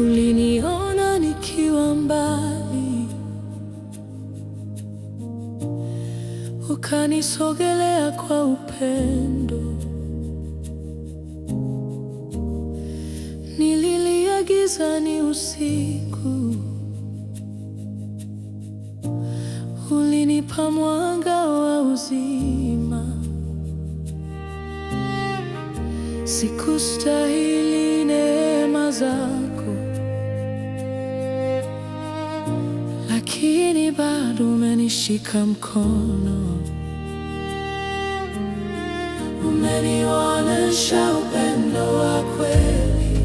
uliniona nikiwa mbali, ukanisogelea kwa upendo. Nililia gizani usiku, ulinipa mwanga wa uzima. Sikustahili neema zako lakini bado umenishika mkono, umenionyesha upendo wa kweli,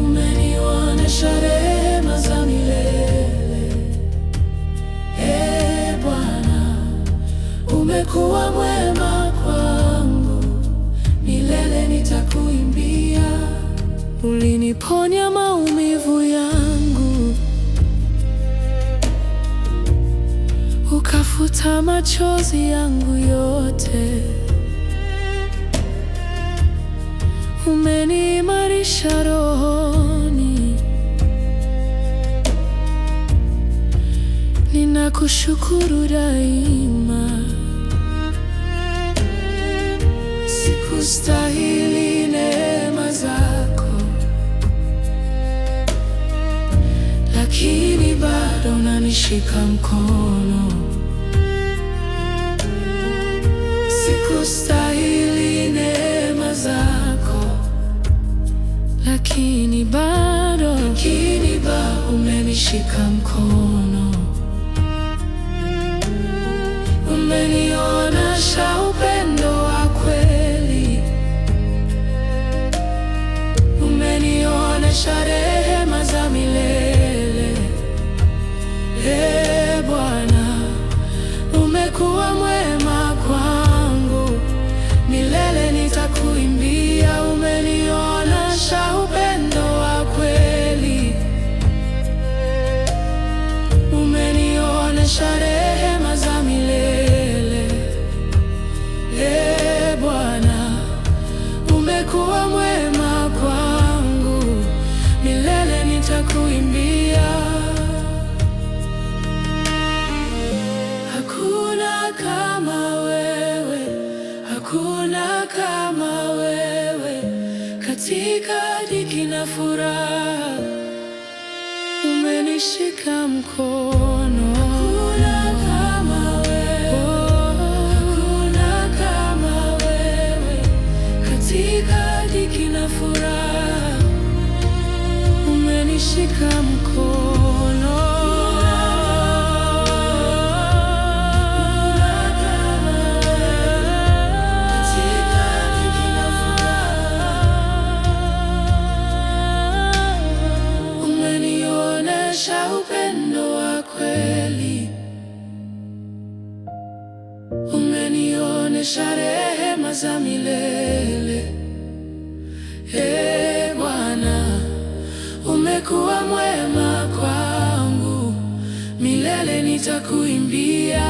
umenionyesha rehema za milele. E Bwana, umekuwa mwema. futa machozi yangu yote. Umeniimarisha rohoni, ninakushukuru daima. Sikustahili neema zako, lakini bado unanishika mkono kustahili neema zako, lakini bado, lakini bado umenishika mkono, umeniona muziki na furaha, umenishika mkono. Hakuna kama wewe, hakuna kama wewe, katika dhiki na furaha umenishika Ee Bwana, umekuwa mwema kwangu, milele nitakuimbia.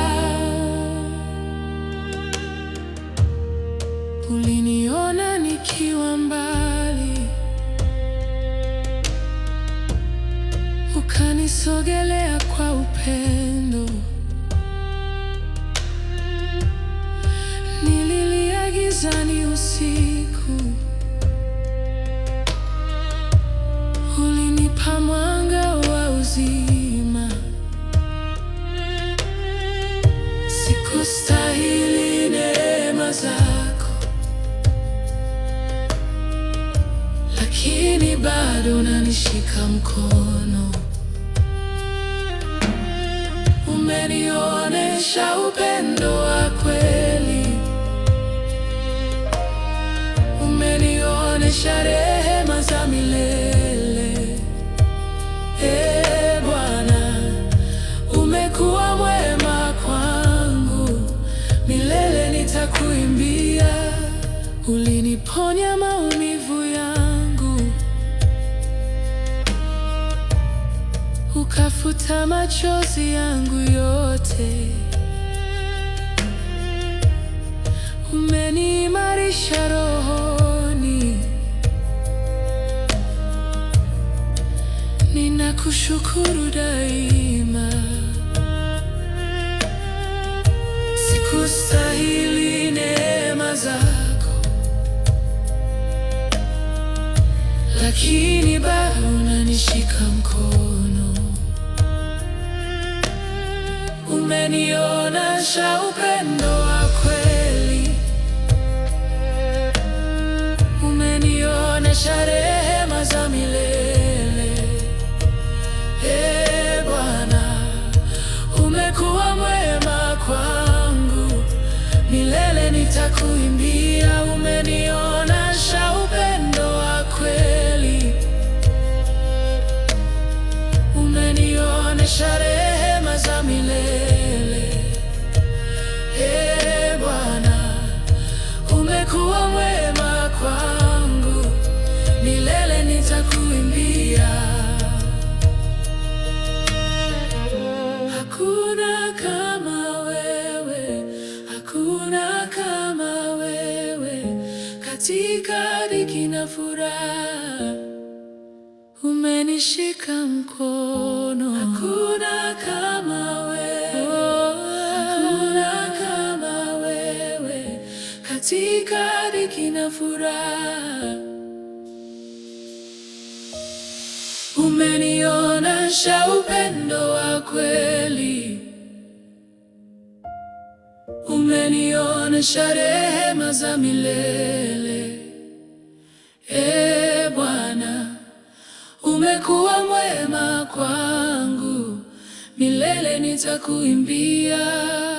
Uliniona nikiwa mbali, ukanisogelea kwa upendo. Nililia gizani usiku Kustahili neema zako, lakini bado unanishika mkono. Umenionesha upendo hata machozi yangu yote. Umeniimarisha rohoni, ninakushukuru daima. Sikustahili neema zako, lakini bado unanishika mkono. kunionyesha upendo wa kweli, rehema za milele. Ee Bwana, umekuwa mwema kwangu, milele nitakuimbia. Umenionyesha upendo wa kweli, umenibariki na furaha, umenishika mkono. Hakuna kama wewe, oh, hakuna kama wewe katika dhiki na furaha. Umenionyesha upendo wa kweli, umenionyesha rehema za milele. E Bwana, umekuwa mwema kwangu, milele nitakuimbia.